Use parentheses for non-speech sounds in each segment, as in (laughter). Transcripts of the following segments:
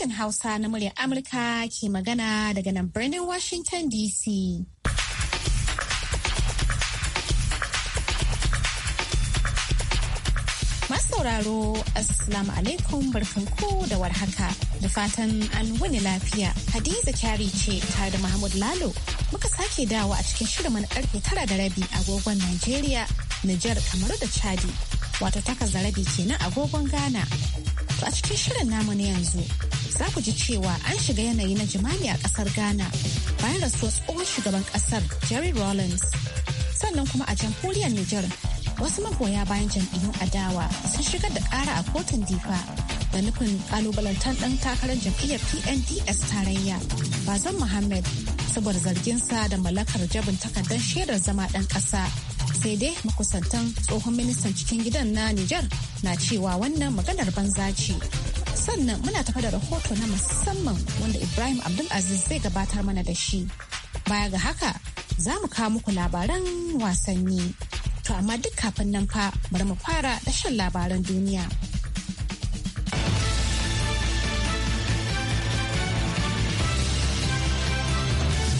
sashen Hausa na muryar Amurka ke magana daga nan birnin Washington DC. sauraro Assalamu alaikum barkanku da warhaka da fatan an wani lafiya. Hadiza kyari ce tare da Mahmud Lalo muka sake dawa a cikin shirin mana karfe tara da rabi agogon Najeriya, Nijar, Kamaru da Chadi wato takas da rabi kenan agogon Ghana. To a cikin shirin namu na yanzu za ku ji cewa an shiga yanayi na jimami a kasar Ghana bayan rasuwar tsohon shugaban kasar Jerry Rawlings. Sannan kuma a jamhuriyar Nijar wasu magoya bayan jam'iyyun adawa sun shigar da ƙara a kotun difa da nufin kalubalantar ɗan takarar jam'iyyar PNDS tarayya Bazan Muhammad saboda zarginsa da mallakar jabin takardar shaidar zama ɗan ƙasa. sai dai makusantan tsohon ministan cikin gidan na Nijar na cewa wannan maganar banza ce. Sannan muna tafa da rahoto na musamman wanda Ibrahim Abdulaziz zai gabatar mana da shi. Baya ga haka za mu kawo muku labaran wasanni. To amma duk kafin nan fa bari mu fara da shan labaran duniya.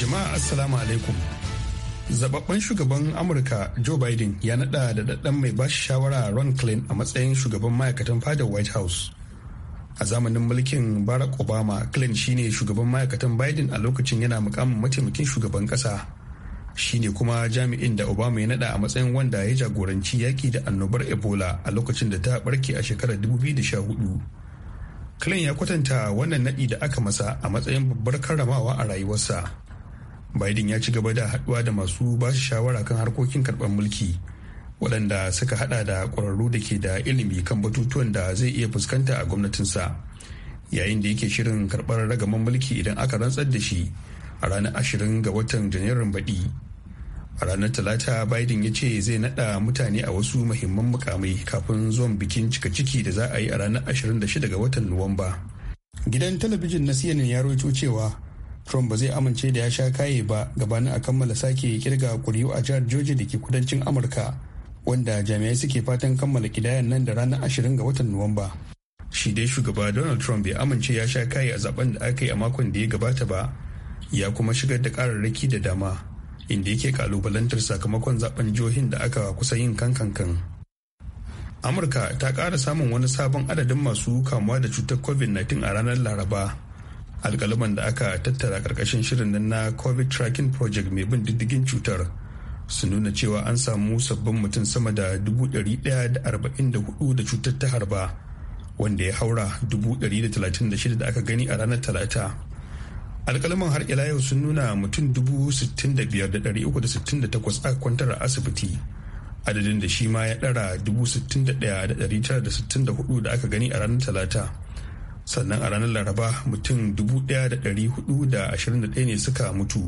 Jama'a Assalamu alaikum. zababben shugaban amurka joe biden ya nada da daddan mai bashi shawara ron klein a matsayin shugaban ma'aikatan fadar white house a zamanin mulkin barack obama klein shine shugaban ma'aikatan biden a lokacin yana mukamin mataimakin shugaban kasa ne kuma jami'in da obama ya nada a matsayin wanda ya jagoranci yaki da annobar ebola a lokacin da ta barke a shekarar 2014 klein ya kwatanta wannan nadi da aka masa a matsayin babbar karramawa a rayuwarsa biden ya ci gaba da haduwa da masu ba shi shawara kan harkokin karɓar mulki waɗanda suka hada da ƙwararru da ke da ilimi kan batutuwan da zai iya fuskanta a gwamnatinsa yayin da yake shirin karɓar ragaman mulki idan aka rantsar da shi a ranar ashirin ga watan janairun baɗi a ranar talata biden ya ce zai naɗa mutane a wasu muhimman mukamai kafin zuwan bikin cika ciki da za a yi a ranar 26 ga watan nuwamba gidan talabijin na cnn ya rawaito cewa trump ba zai amince da ya sha kaye ba gabanin a kammala sake kirga kuri'u a jihar georgia da ke kudancin amurka wanda jami'ai suke fatan kammala kidayan nan da ranar ashirin ga watan nuwamba shi dai shugaba donald trump bai amince ya sha kaye a zaben da aka yi a makon da ya gabata ba ya kuma shigar da kararraki da dama inda yake kalubalantar sakamakon zaben jihohin da aka kusa yin kankankan amurka ta kara samun wani sabon adadin masu kamuwa da cutar covid-19 a ranar laraba alkalaman da aka tattara karkashin shirin nan na covid tracking project mai bin diddigin cutar su nuna cewa an samu sabbin mutum sama da 144 da cutar ta harba wanda ya haura 136 da aka gani a ranar talata alƙaluman har ila yau sun nuna mutum 65,368 aka kwantar a asibiti adadin da shi ma ya ɗara 61,964 da aka gani a ranar talata sannan a ranar laraba mutum 1,421 ne suka mutu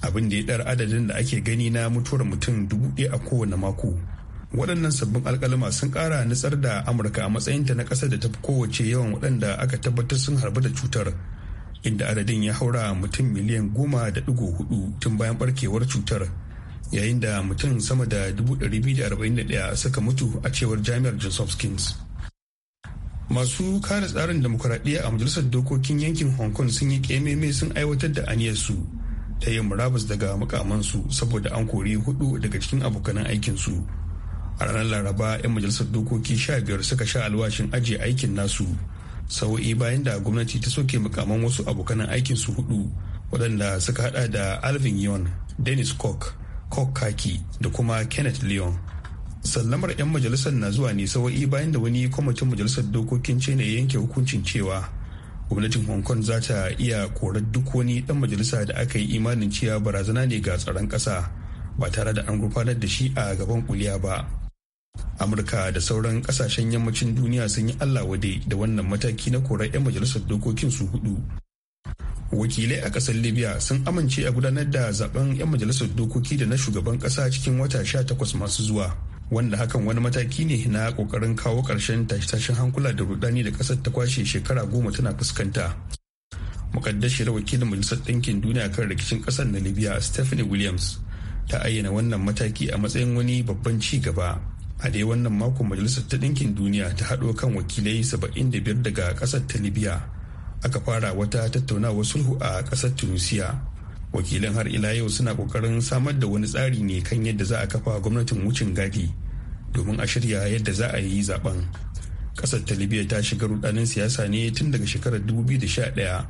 abin da ya dar adadin da ake gani na mutuwar mutum 1,000 a kowane mako waɗannan sabbin alkalama sun ƙara nutsar da amurka a matsayinta na ƙasar da ta fi kowace yawan waɗanda aka tabbatar sun harba da cutar inda adadin ya haura mutum miliyan goma da ɗigo hudu tun bayan barkewar cutar yayin da mutum sama da 241 suka mutu a cewar jami'ar johns hopkins masu kare tsarin demokuraɗiyya a majalisar dokokin yankin hong kong sun yi kememe sun aiwatar da aniyarsu ta yin murabus daga mukamansu saboda an kori hudu daga cikin abokanan aikinsu a ranar laraba 'yan majalisar dokoki sha biyar suka sha alwashin ajiye aikin nasu sau'i bayan da gwamnati ta soke mukaman wasu abokanan aikinsu hudu waɗanda suka hada da alvin yon dennis cook cook kaki da kuma kenneth leon sallamar 'yan majalisar na zuwa ne sawa'i bayan da wani kwamitin majalisar dokokin china ya yanke hukuncin cewa gwamnatin hong kong za ta iya korar duk wani dan majalisa da aka yi imanin cewa barazana ne ga tsaron kasa ba tare da an gurfanar da shi a gaban kuliya ba amurka da sauran kasashen yammacin duniya sun yi allah wade da wannan mataki na korar 'yan majalisar dokokin su hudu wakilai a kasar libya sun amince a gudanar da zaben 'yan majalisar dokoki da na shugaban kasa cikin wata 18 masu zuwa wanda hakan wani mataki ne na kokarin kawo ƙarshen tashe-tashen hankula da rudani da kasar ta kwashe shekara goma tana fuskanta mukaddashi wakilin majalisar ɗinkin duniya kan rikicin ƙasar na libya stephanie williams ta ayyana wannan mataki a matsayin wani babban ci gaba a dai wannan makon majalisar ta ɗinkin duniya ta haɗo kan wakilai saba'in da biyar daga ƙasar ta libya aka fara wata tattaunawar sulhu a ƙasar tunisia wakilan har ila yau suna kokarin samar da wani tsari ne kan yadda za a kafa gwamnatin wucin gadi domin a shirya yadda za a yi zaben kasar ta libya ta shiga rudanin siyasa ne tun daga shekarar 2011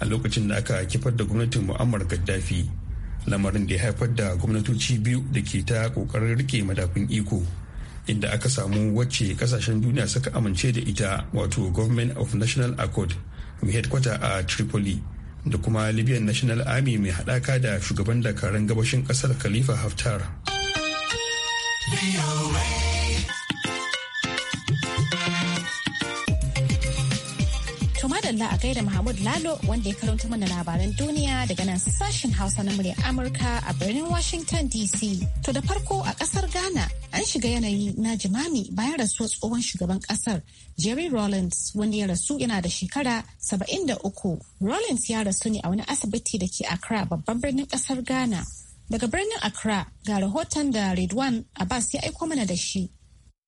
a lokacin da aka kifar da gwamnatin mu'ammar gaddafi lamarin da ya haifar da gwamnatoci biyu da ke ta kokarin rike madafin iko inda aka samu wacce kasashen duniya suka amince da ita wato government of national accord mai headquarter a tripoli da kuma libyan national army mai hadaka da shugaban dakarun gabashin kasar khalifa haftar Allah a gaida Mahmud Lalo wanda ya karanta mana labaran duniya daga nan sashen Hausa na muryar Amurka a birnin Washington DC. To da farko a kasar Ghana an shiga yanayi na jimami bayan rasuwar tsohon shugaban kasar jerry rollins wanda ya rasu yana da shekara 73 rollins ya rasu ne a wani asibiti da ke accra babban birnin kasar ghana daga birnin accra ga rahoton da redwan abbas ya aiko mana da shi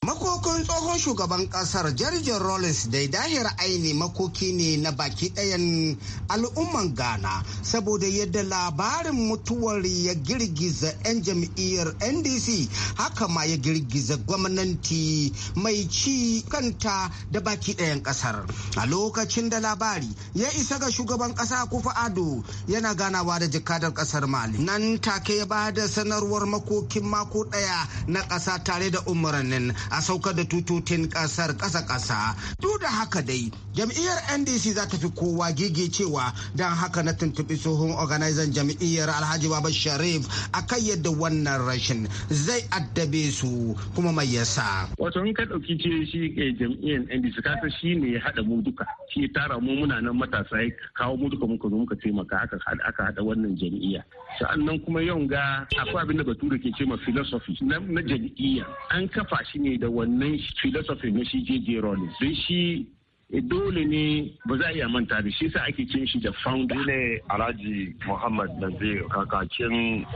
Makokin tsohon shugaban kasar Jarjin Rollins da dahir aini makoki ne na baki ɗayan al'umman Ghana saboda yadda labarin mutuwar ya girgiza 'yan jam'iyyar NDC haka ma ya girgiza gwamnati mai ci kanta da baki ɗayan kasar. A lokacin da labari ya isa ga shugaban kasa kufa ado yana ganawa da jakadar kasar Mali. Nan take ya ba da sanarwar makokin mako ɗaya na ƙasa tare da umarnin a saukar da tutotin kasar kasa kasa duk da haka dai jam'iyyar ndc za ta fi kowa cewa don haka na tuntuɓi tsohon organizan jam'iyyar alhaji baba sharif a kan yadda wannan rashin zai addabe su kuma mai yasa. wato in ka ɗauki ce shi jam'iyyar ndc kasa shi ne ya haɗa mu duka shi ya tara mu muna nan matasa ya kawo mu duka muka zo muka taimaka aka haɗa wannan jam'iyya sa'annan kuma yau ga akwai abin da bature ke ce ma philosophy na jam'iyya an kafa shi ne da wannan philosophy na shi J.J. Rowling don shi eh, dole ne ba za a iya manta da shi sa ake cin shi da founder. ne Alhaji Muhammad Nazir kakakin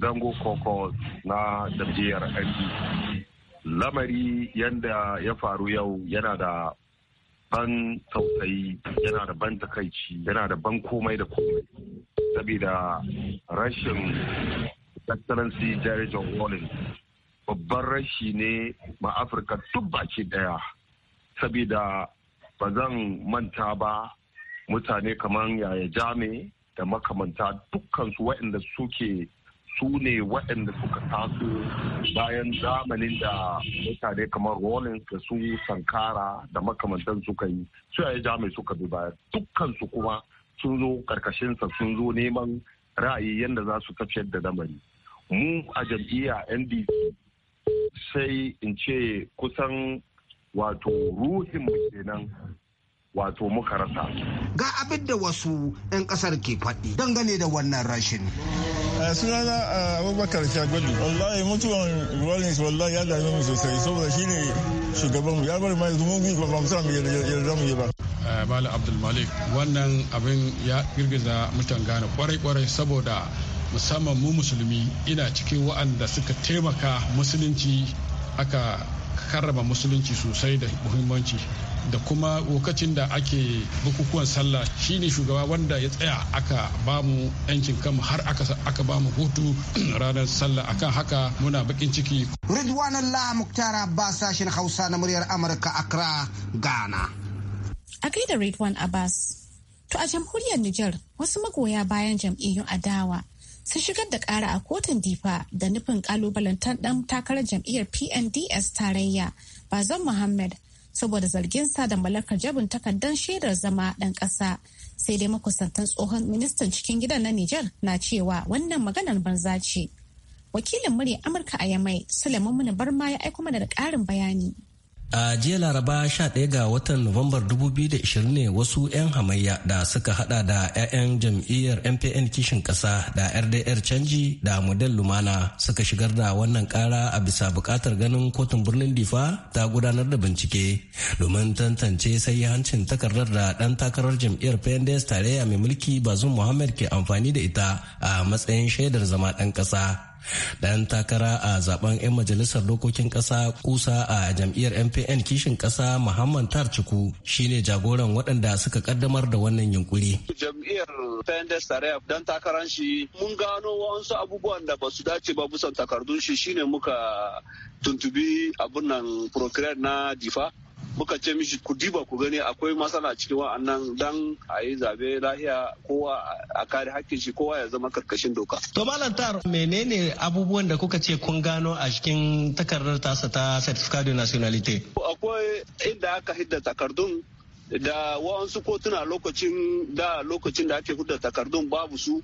zango koko na jam'iyyar NDC. Lamari yanda ya faru yau yana da ban tausayi yana da ban takaici yana da ban komai da komai saboda rashin excellency Jerry John Collins babban rashi ne ma afirka duk baki daya saboda ba zan manta ba mutane kamar yaya jami da makamanta dukkansu waɗanda suke su ne waɗanda suka taso bayan zamanin da mutane kamar rollins da su sankara da makamantan suka yi su yaya jami suka bi baya dukkansu kuma sun zo karkashinsa sun zo neman ra'ayi yadda za su tafiyar da lamari mu a jam'iyya ndc sai in ce kusan wato ruhin mu kenan wato muka rasa. Ga abin da wasu 'yan kasar ke faɗi dangane da wannan rashin. sunana abubakar shagwali wallahi mutuwan rollins wallahi ya dame mu sosai saboda shi ne shugaban mu ya bari mai zumun gwi ba mu samu yarda mu yi ba bala abdulmalik wannan abin ya girgiza mutan gane kwarai-kwarai saboda musamman mu musulmi ina cikin wa'anda suka taimaka musulunci aka karrama musulunci sosai da muhimmanci da kuma lokacin da ake bukukuwan sallah shine shugaba wanda ya tsaya aka bamu yancin kanmu har aka bamu hutu (clears throat) ranar sallah a kan haka muna bakin ciki ridwanullah muktar abbas sashen hausa na muryar amurka accra ghana a da ridwan abbas to a jamhuriyar nijar wasu magoya bayan jam'iyyun adawa sun shigar da kara a kotun difa da nufin kalubalantar dan takarar jam'iyyar pnds tarayya bazan muhammad saboda zarginsa da mallakar jabin takardar shaidar zama dan kasa sai dai makusantan tsohon ministan cikin gidan na Nijar na cewa wannan maganar banza ce wakilin murya amurka a yamai suleiman muni barma ya aiko mana da karin bayani a jiya laraba 11 ga watan nuwambar 2020 ne wasu 'yan hamayya da suka hada da 'ya'yan jam'iyyar mpn kishin kasa da rdr canji da model lumana suka shigar da wannan kara a bisa bukatar ganin kotun birnin difa ta gudanar da bincike domin tantance sai hancin takardar da dan takarar jam'iyyar pnds tarayya mai mulki bazum muhammad ke amfani da ita a matsayin shaidar zama dan kasa dan takara a zaben 'yan majalisar dokokin kasa kusa a jam'iyyar mpn kishin kasa muhammad tarciku shine jagoran waɗanda suka kaddamar da wannan yunkuri jam'iyyar pendes tare dan takaran shi mun gano wasu abubuwan da ba su dace ba busan takardun shi shine muka tuntubi abun nan procreate na difa muka ce mishi ku diba ku gani akwai matsala cikin wa'annan dan a yi zabe lahiya kowa a kare hakkin shi kowa ya zama karkashin doka. To Malam Tar menene abubuwan da kuka ce kun gano a cikin takardar tasa ta certificat de nationalité? Akwai inda aka hidda takardun da wa'ansu kotuna lokacin da lokacin da ake hudda takardun babu su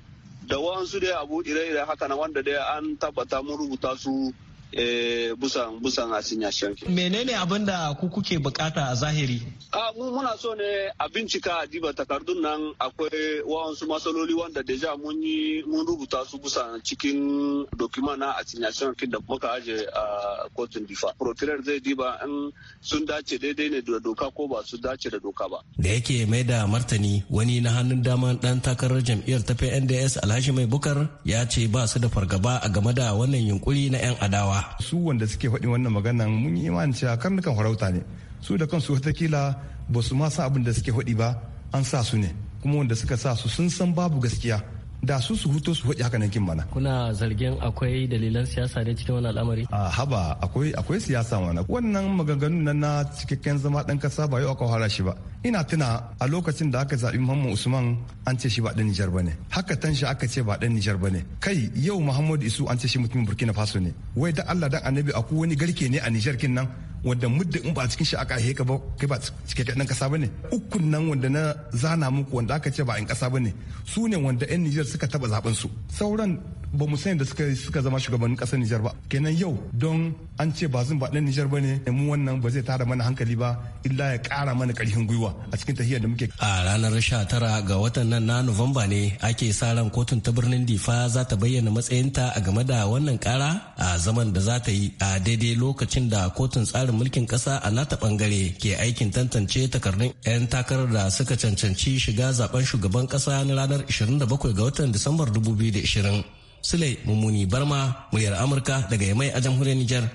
da wa'ansu dai abu ire-ire haka na wanda dai an tabbata mun rubuta su Eh, busan busan asignation menene abin da ku kuke bukata a zahiri a mu muna so ne a bincika a diba takardun nan akwai wasu matsaloli wanda deja mun yi mun rubuta su busan cikin document na asignation kin da muka aje a kotun difa Procurer zai diba in sun dace daidai ne da doka ko ba su dace da doka ba da yake mai da martani wani na hannun dama dan takarar jam'iyyar ta PNDS Alhaji Mai Bukar ya ce ba su da fargaba a game da wannan yunkuri na 'yan adawa su wanda suke faɗin wannan maganan mun yi imanin cewa karnukan farauta ne su da kansu watakila ba su ma san abin da suke faɗi ba an sa su ne kuma wanda suka sa su sun san babu gaskiya da su su huto su haka nan kin mana. Kuna zargin akwai dalilan siyasa ne cikin wani al'amari? A haba akwai akwai siyasa mana. Wannan maganganun nan na cikakken zama dan kasa ba yau aka fara shi ba. Ina tuna a lokacin da aka zabi Muhammad Usman an ce shi ba ɗan Nijar bane. Haka shi aka ce ba dan Nijar bane. Kai yau Muhammad Isu an ce shi mutumin Burkina Faso ne. Wai da Allah dan Annabi akwai wani garke ne a Nijar kin nan. wanda muddin in ba cikin shi aka heka ba kai ba cikakken dan kasa bane ukun nan wanda na zana muku wanda aka ce ba in kasa bane su ne wanda yan Nijar suka taɓa zaben su sauran ba mu sani da suka suka zama shugabannin kasar Nijar ba kenan yau don an ce ba zan ba dan Nijar bane mu wannan ba zai tara mana hankali ba illa ya kara mana karfin gwiwa a cikin tahiyar da muke a ranar 19 ga watan nan na Nuwamba ne ake sa ran kotun ta birnin Difa za ta bayyana matsayinta a game da wannan kara a zaman da za ta yi a daidai lokacin da kotun tsarin mulkin kasa a nata bangare ke aikin tantance takardun 'yan takarar da suka cancanci shiga zaben shugaban kasa na ranar 27 ga watan Disambar 2020 Sule Mummuni Barma muryar Amurka daga Yamai a jamhuriyar Nijar.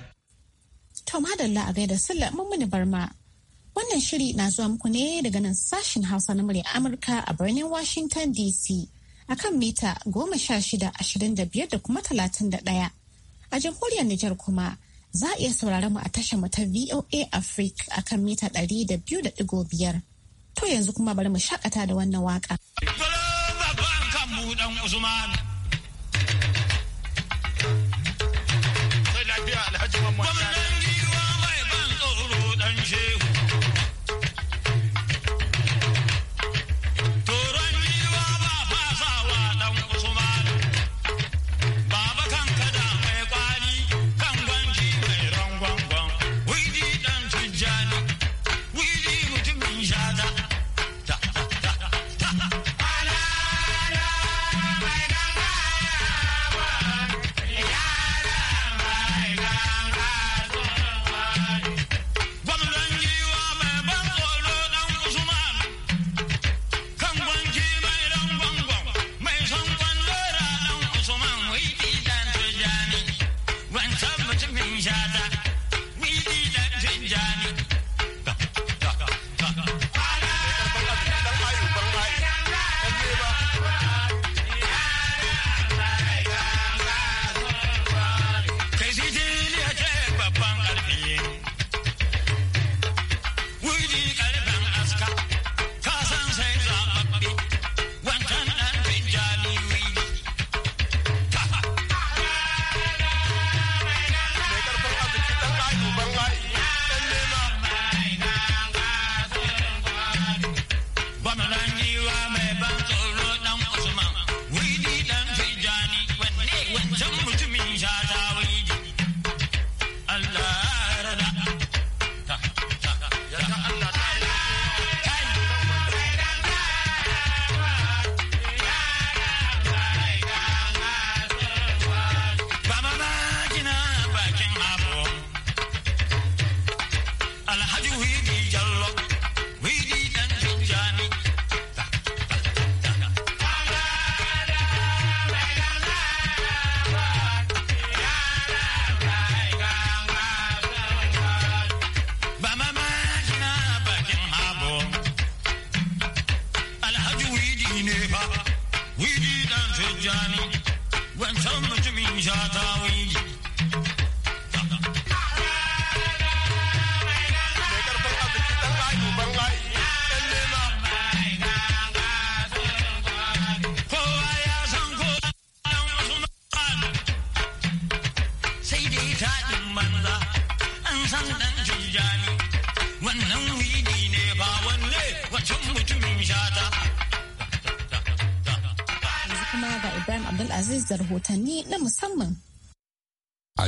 To madalla a gaida Sule Mummuni Barma. Wannan shiri na zuwa muku ne daga nan sashen Hausa na muryar Amurka a birnin Washington DC akan mita goma sha shida ashirin da biyar da kuma talatin da ɗaya. A jamhuriyar Nijar kuma za a iya sauraron mu a tashar mu ta VOA Africa a kan mita ɗari da biyu da ɗigo biyar. To yanzu kuma bari mu shakata da wannan waka. Usman. much.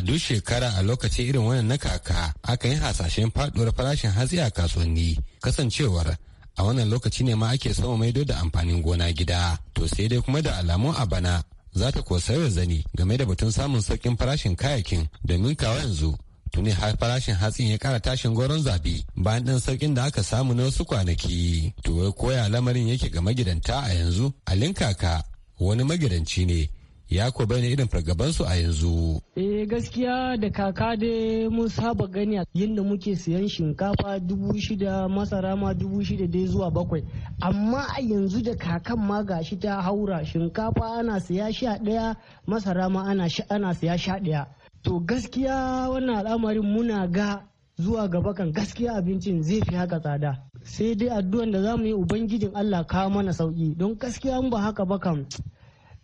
duk shekara a lokacin irin wannan na kaka aka yi hasashen faduwar farashin hatsi a kasuwanni kasancewar a wannan lokaci ne ma ake sama maido da amfanin gona gida to sai dai kuma da alamu a bana za ta ko sauya zani game da batun samun sauƙin farashin kayakin domin kawo yanzu tuni har farashin hatsin ya kara tashin goron zabi bayan ɗan saukin da aka samu na wasu kwanaki to koya lamarin yake ga magidanta a yanzu alin kaka wani magidanci ne ya ko bayyana irin fargabansu a yanzu. Eh gaskiya da kaka dai mun saba gani yadda muke siyan shinkafa dubu shida masara ma dubu shida dai zuwa bakwai amma a yanzu da kakan ma gashi ta haura shinkafa ana siya sha ɗaya masara ma ana siya sha ɗaya. To gaskiya wannan al'amarin muna ga zuwa gaba kan gaskiya abincin zai fi haka tsada sai dai addu'an da za mu yi ubangijin Allah kawo mana sauki don gaskiya ba haka ba kan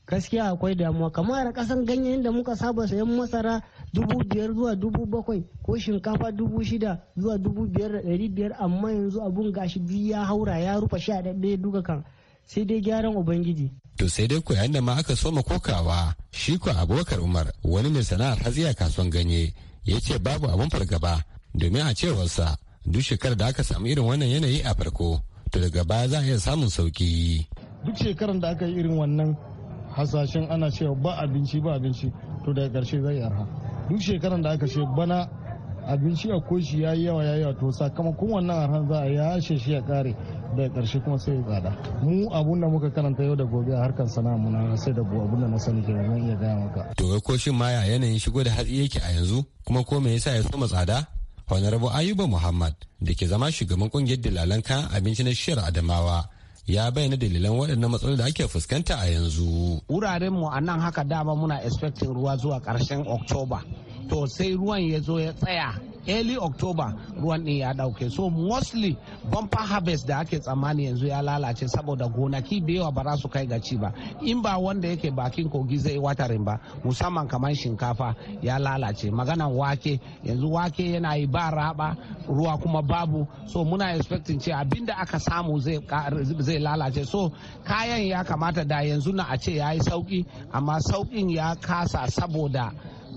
gaskiya akwai damuwa kamar kasan ganyen da muka saba sayan masara dubu biyar zuwa dubu bakwai ko shinkafa dubu shida zuwa dubu biyar da ɗari biyar amma yanzu abun gashi biyu ya haura ya rufa sha ɗaɗɗe duka kan sai dai gyaran ubangiji. To sai dai koyan da ma aka so soma kokawa shi ko abokar Umar wani mai sana'ar hatsi a kasuwan ganye ya ce babu abun fargaba domin a cewarsa duk shekarar da aka samu irin wannan yanayi a farko to daga baya za a iya samun sauki. Duk shekarar da aka yi irin wannan hasashen ana cewa ba abinci ba abinci to daga karshe zai arha duk shekaran da aka ce bana abinci a koshi ya yi yawa ya yawa to sakamakon wannan arhan za a yashe shi ya kare daga karshe kuma sai ya tsada mu abun da muka karanta yau da gobe a harkar sana'a muna sai da abun da na sani ke zan iya gaya maka to ga koshin maya yanayin shigo da hatsi yake a yanzu kuma ko me yasa ya soma tsada honorable ayuba muhammad da ke zama shugaban kungiyar dalalan kayan abinci na shiyar adamawa ya bayyana dalilan waɗannan matsalolin da ake fuskanta a yanzu. Wuraren mu a nan haka dama muna expecting ruwa zuwa ƙarshen october To sai ruwan ya zo ya tsaya early october ruwan ɗin ya dauke so mostly bumper harvest da ake tsammani yanzu ya lalace saboda gonaki da yawa ba za su kai gaci ba in ba wanda yake bakin kogi zai watarin ba musamman kamar shinkafa ya lalace maganan wake yanzu wake yana yi ba raba ruwa kuma babu so muna expecting ce abinda aka samu zai lalace so kayan ya kamata da yanzu na a ce ya yi sauki amma saukin ya kasa saboda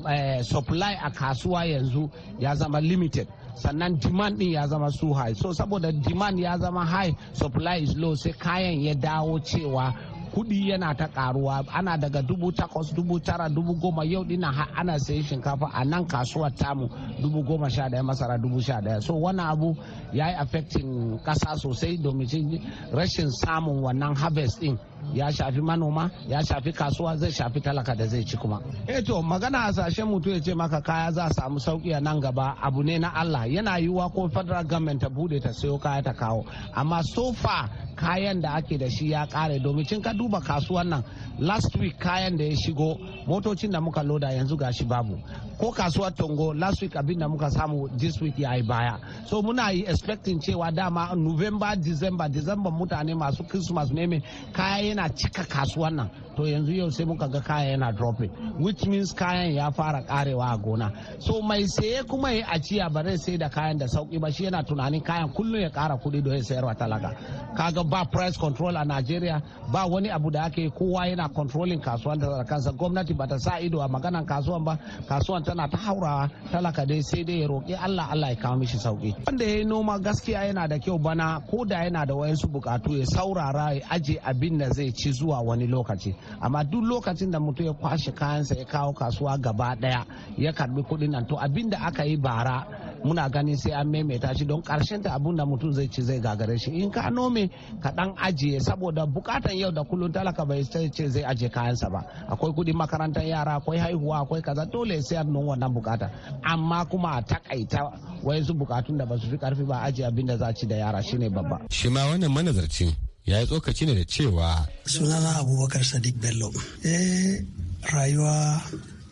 Eh, supply a kasuwa yanzu ya zama limited sannan demand din ya zama su high so saboda demand ya zama high supply is low sai kayan ya dawo cewa kudi yana ta karuwa ana daga dubu takwas dubu tara dubu goma yau dina ana sayi shinkafa a nan kasuwa tamu dubu goma sha daya masara dubu sha daya so wani abu ya yi affecting kasa sosai domin rashin samun wannan harvest din ya shafi manoma ya shafi kasuwa zai shafi talaka da zai ci kuma eto eh magana magana hasashen mutu ya ce maka kaya za a samu sauki a nan gaba abu ne na Allah yana yiwuwa ko federal government ta bude ta sayo kaya ta kawo amma so far kayan da ake da shi ya kare domin cin ka duba kasuwan nan last week kayan da ya shigo motocin da muka loda yanzu gashi babu ko kasuwar tongo last week abin da muka samu this week ya yi baya so muna yi expecting cewa dama november december december mutane masu christmas meme kaya yana cika kasuwan nan to yanzu yau sai muka ga kaya yana dropping which means kayan ya fara karewa a gona so mai saye kuma ya aciya ba zai sai da kayan da sauki ba shi yana tunanin kayan kullum ya kara kuɗi don ya sayar wa talaka kaga ba price control a Najeriya ba wani abu da ake kowa yana controlling kasuwan da kansa gwamnati ba ta sa ido a maganan kasuwan ba kasuwan tana ta haurawa talaka dai sai dai ya roƙi Allah Allah ya kawo mishi sauki wanda ya yi noma gaskiya yana da kyau bana ko da yana da wayansu bukatu ya saurara ya aje abin da zai ci zuwa wani lokaci amma duk lokacin da mutum ya kwashe kayansa ya kawo kasuwa gaba daya ya karbi kuɗin nan to abin da aka yi bara muna ganin sai an maimaita shi don karshen ta abin da mutum zai ci zai gagare shi in ka nome ka dan ajiye saboda bukatan yau da kullun talaka bai sai ce zai ajiye kayansa ba akwai kuɗi makarantar yara akwai haihuwa akwai kaza dole sai an nuna wannan bukata amma kuma a takaita wayansu bukatun da ba su fi karfi ba ajiye abin da za ci da yara shine babba shi ma wannan manazarci ya yi tsokaci ne da cewa sunana abubakar sadiq bello eh rayuwa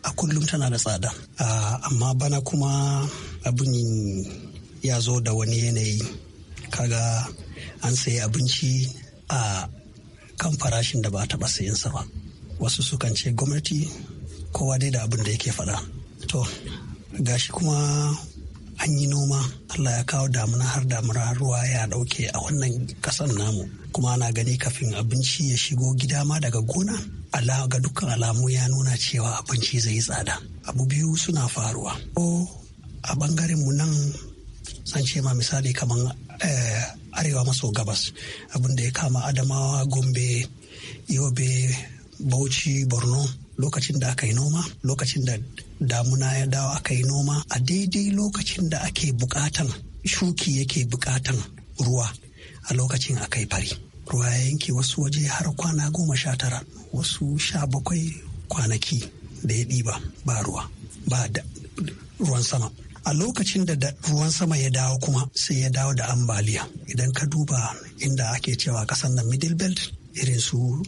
a kullum tana da tsada ah, amma bana kuma abin ya zo da wani yanayi kaga an sayi abinci a kan farashin da ba taɓa sa ba wasu sukan ce gwamnati kowa dai da abin da yake faɗa to gashi kuma an yi noma allah ya kawo damuna har damuna ruwa ya dauke a wannan kasan namu kuma ana gani kafin abinci ya shigo gida ma daga gona Allah ga dukkan alamu ya nuna cewa abinci zai yi tsada abu biyu suna faruwa ko a bangaren mu nan san ce ma misali kamar eh, arewa maso gabas abin da ya kama adamawa gombe yobe bauchi borno lokacin da aka yi noma lokacin da damuna ya dawo aka yi noma a daidai lokacin da ake bukatan shuki yake bukatan ruwa a lokacin aka yi fari ruwa ya yanke wasu waje har kwana goma sha tara wasu sha bakwai kwanaki da ya ɗiba ba ruwa ba da ruwan sama a lokacin da ruwan sama ya dawo kuma sai ya dawo da ambaliya idan ka duba inda ake cewa kasan nan middle belt irin su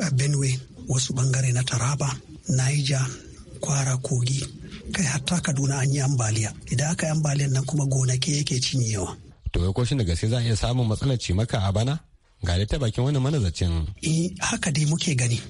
eh, benue wasu bangare na taraba niger kwara kogi kai hatta kaduna an yi ambaliya idan aka yi ambaliyan nan kuma gonaki yake cinyewa to ko shin da gaske za a iya samun matsalar cimaka a bana ga ta bakin wani manazarcin eh haka dai muke gani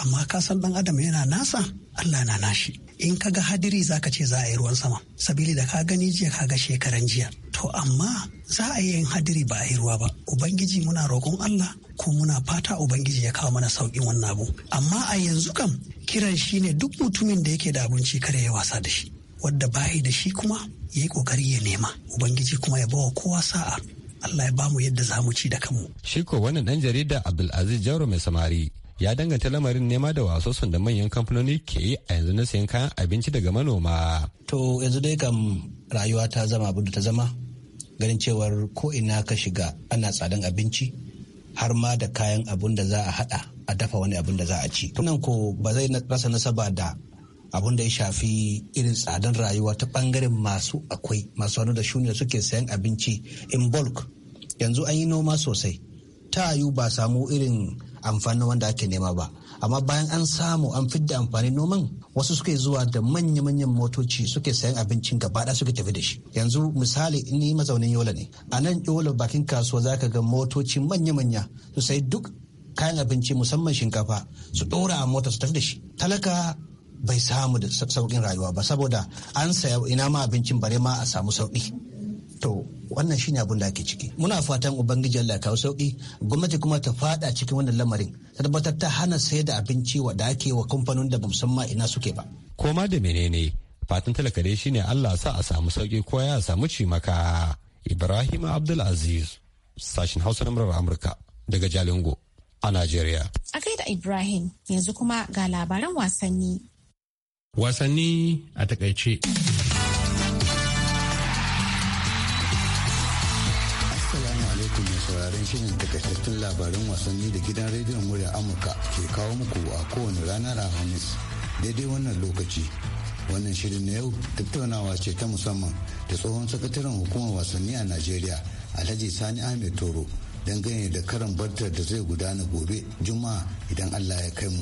amma ka san dan adam yana nasa Allah na nashi in ka ga hadiri za ka ce za a yi ruwan sama sabili da ka gani jiya ka ga shekaran jiya to amma za a yi yin hadiri ba a yi ruwa ba ubangiji muna roƙon Allah ko muna fata ubangiji ya kawo mana sauƙin wannan abu amma a yanzu kam kiran shi ne duk mutumin da yake da abinci kare ya wasa da shi wadda ba'i da shi kuma ya yi kokari ya nema ubangiji kuma ya bawa kowa sa'a Allah ya bamu yadda za mu ci da kanmu. Shi ko wannan ɗan jarida Abdulaziz Jauro mai samari ya danganta lamarin nema da wasosan da manyan kamfanoni ke yi a yanzu na sayan kayan abinci daga manoma. To yanzu dai kam rayuwa ta zama abin da ta zama ganin cewar ko ina ka shiga ana tsadan abinci har ma da kayan abin da za a hada a dafa wani abin da za a ci. Tunan ko ba zai rasa nasaba da abin da ya shafi irin tsadan rayuwa ta bangaren masu akwai masu wani da shuni da suke sayan abinci in bulk yanzu an yi noma sosai ta yiwu ba samu irin amfanin wanda ake nema ba amma bayan an samu an fidda amfanin noman wasu suke zuwa da manya-manyan motoci suke sayan abincin gaba da suke tafi da shi yanzu misali in ni mazaunin yola ne a nan yola bakin kasuwa za ka ga motoci manya-manya su sayi duk kayan abinci musamman shinkafa su ɗora a mota su tafi da shi talaka bai samu da sauƙin rayuwa ba saboda an saya ina ma abincin bare ma a samu sauƙi to wannan shine abin da ake ciki muna fatan ubangiji Allah kawo sauki gwamnati kuma ta fada cikin wannan lamarin ta tabbatar ta hana sayar da abinci da ake wa kamfanin da ma ina suke ba koma da menene fatan talaka dai shine Allah sa a samu sauki ko ya samu cimaka Ibrahim Abdul Aziz sashin Hausa na murar Amurka daga Jalingo a Najeriya a kai da Ibrahim yanzu kuma ga labaran wasanni wasanni a takaice sauraron shirin takaitattun labaran wasanni da gidan rediyon murya Amurka ke kawo muku a kowane ranar Alhamis daidai wannan lokaci. Wannan shirin na yau tattaunawa ce ta musamman da tsohon sakataren hukumar wasanni a Najeriya Alhaji Sani Ahmed Toro dangane da karan bartar da zai gudana gobe Juma'a idan Allah ya kai mu.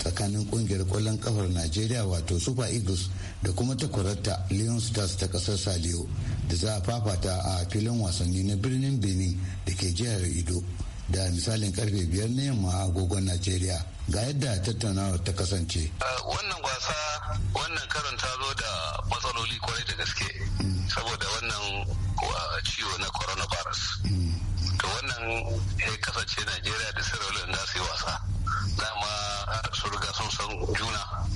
tsakanin kungiyar kwallon kafar najeriya wato super eagles da kuma takwararta leon stars ta kasar saliyo da za a fafata a filin wasanni na birnin benin da ke jihar ido da misalin karfe biyar na yamma a agogon najeriya ga yadda tattaunawa ta kasance wannan wasa wannan karon ta zo da matsaloli kwarai da gaske mm. saboda wannan ciwo na coronavirus mm. to wannan ya kasance najeriya da sierra leone za su wasa dama sun riga sun san juna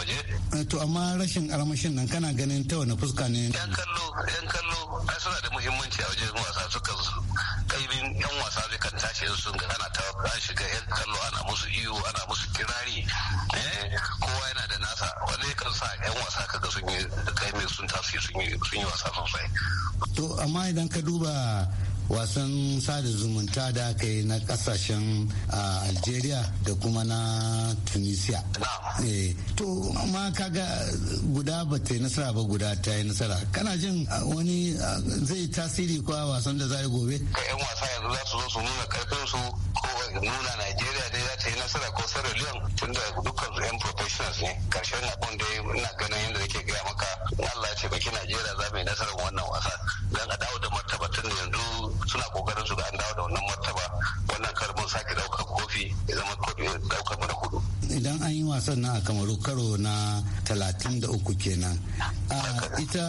waje. Eh, to amma rashin armashin nan kana ganin ta wani fuska ne. yan kallo yan kallo ai suna da muhimmanci a wajen wasa suka kaibin yan wasa zai kan tashi sun ga ana ta shiga yan kallo ana musu iyo ana musu kirari eh, kowa yana da nasa wanda ya kan sa yan wasa kaga sun yi kaimi sun tashi sun yi wasa sosai. to amma idan ka duba wasan sada zumunta da aka yi na kasashen ah, algeria da kuma na tunisia Eh, to ma kaga guda ba ta yi nasara ba guda ta yi nasara kana jin ah, wani ah, zai tasiri a wasan da za yi gobe ka yan wasa yanzu za su zo su nuna karfin su ko nuna najeriya dai za ta yi nasara ko sierra tun tunda dukkan su yan professionals ne karshen abun da ina ganin yadda ke gaya maka allah ce baki najeriya a kamaru karo na 33 kenan ita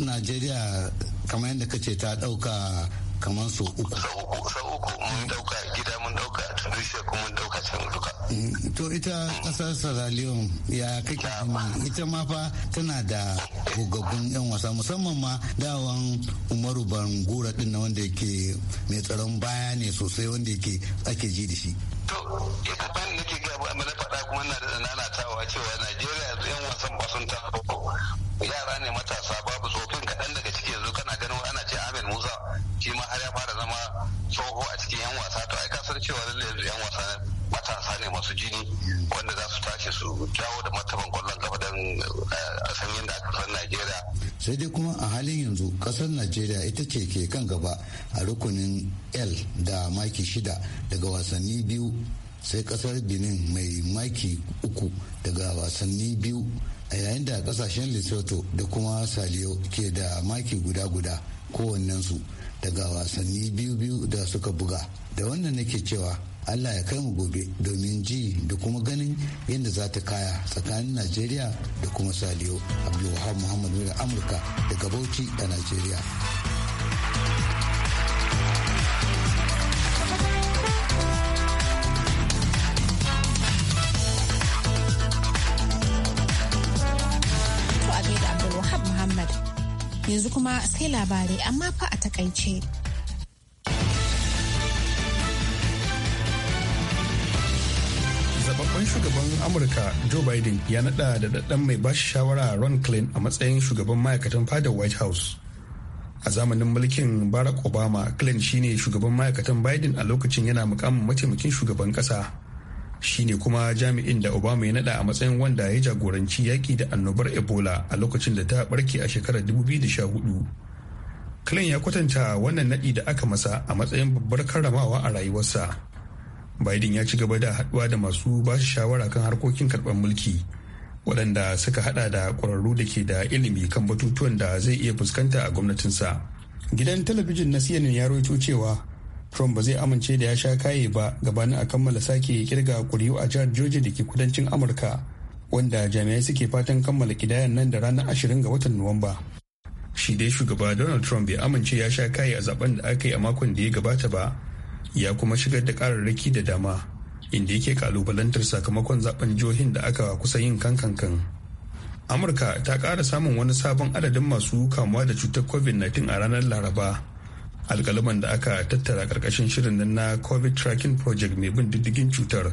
najeriya kamar yadda ka ce ta dauka kamar su uku. Sau uku mun dauka gida mun dauka Tunisia kuma mun dauka can duka. Mm, to ita kasar Sierra Leone ya kake gani ita ma fa tana da gogaggun yan wasa musamman ma dawan Umaru Bangura din na wanda yake mai tsaron baya ne sosai wanda yake ake ji da shi. To ita ba nake ga ba kuma na da nanatawa cewa najeriya yanzu yan wasan ba sun taso yara ne matasa babu tsofin kaɗan daga ciki yanzu kana ganin ana ce ahmed musa shi ma har ya fara zama tsoho a cikin yan wasa to ai san cewa lalle yanzu yan wasa matasa ne masu jini wanda za su tashi su dawo da martaban kwallon gaba don eh, a san yadda aka san najeriya sai dai kuma a halin yanzu kasar najeriya ita ce ke kan gaba a rukunin l da maki shida daga wasanni biyu sai kasar benin mai maki uku daga wasanni biyu a yayin da kasashen lesotho da kuma saliyo ke da maki guda-guda kowannensu daga wasanni biyu-biyu da suka buga da wannan nake cewa allah ya kai mu gobe domin ji da kuma ganin yadda za ta kaya tsakanin najeriya da kuma saliyo abdulwahab da amurka daga bauchi a najeriya yanzu kuma sai labarai amma fa a takaice. Zababben shugaban Amurka Joe Biden ya nada da daddan mai bashi shawara Ron Klein a matsayin shugaban ma'aikatan fadar White House. A zamanin mulkin Barack Obama, Klein shine shugaban ma'aikatan Biden a lokacin yana mukamin mataimakin shugaban ƙasa. shine kuma jami'in da obama ya nada a matsayin wanda ya jagoranci yaki da annobar ebola a lokacin da ta barke a shekarar 2014 Klein ya kwatanta wannan nadi da aka masa a matsayin babbar karramawa a rayuwarsa biden ya ci gaba da haɗuwa da masu ba shi shawara kan harkokin karɓar mulki waɗanda suka hada da ƙwararru da ke da ilimi kan batutuwan da zai iya fuskanta a gwamnatinsa gidan talabijin na cnn ya rawaito cewa trump ba zai amince da ya sha kaye ba gabanin a kammala sake kirga kuri'u a jihar georgia da ke kudancin amurka wanda jami'ai suke fatan kammala kidayan nan da ranar ashirin ga watan nuwamba shi dai shugaba donald trump bai amince ya sha kaye a zaben da aka yi a makon da ya gabata ba ya kuma shigar da kararraki da dama inda yake kalubalantar sakamakon zaben jihohin da aka kusa yin kankankan amurka ta kara samun wani sabon adadin masu kamuwa da cutar covid-19 a ranar laraba alkaliman da aka tattara karkashin shirin nan na covid tracking project mai bin diddigin cutar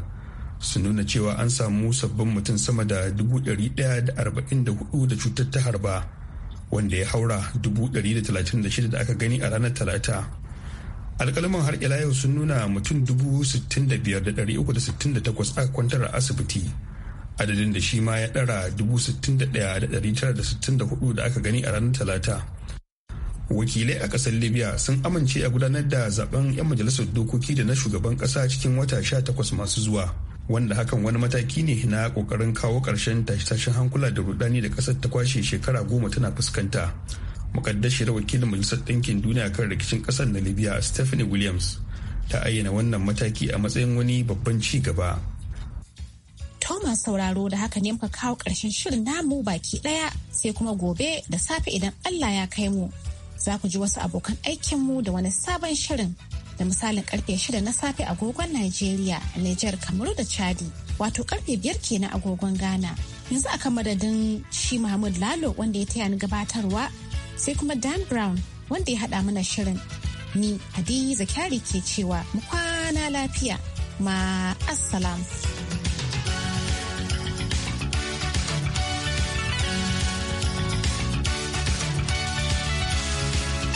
su nuna cewa an samu sabbin mutum sama da 144 da cutar ta harba wanda ya haura 136 da aka gani a ranar talata alkaliman har ila yau sun nuna mutum 65,368 aka kwantar a asibiti adadin da shi ma ya dara 61,964 da aka gani a ranar talata wakilai a kasar libya sun amince a gudanar da zaben 'yan majalisar dokoki da na shugaban kasa cikin wata 18 masu zuwa wanda hakan wani mataki ne na kokarin kawo karshen tashe-tashen hankula da rudani da kasar ta kwashe shekara goma tana fuskanta mukaddashiyar wakilin majalisar ɗinkin duniya kan rikicin kasar na libya stephanie williams ta ayyana wannan mataki a matsayin wani babban ci gaba Thomas sauraro da haka ne muka kawo karshen shirin namu baki ɗaya sai kuma gobe da safe idan Allah ya kai mu za ku ji wasu abokan aikinmu da wani sabon shirin da misalin karfe shida na safe agogon Najeriya, niger Kamaru da Chadi, wato karfe 5 kenan agogon Ghana. Yanzu aka madadin shi Mahmud Lalo wanda ya taya ni gabatarwa sai kuma Dan Brown wanda ya haɗa mana shirin. Ni Hadiza Kyari ke cewa mu kwana lafiya. Ma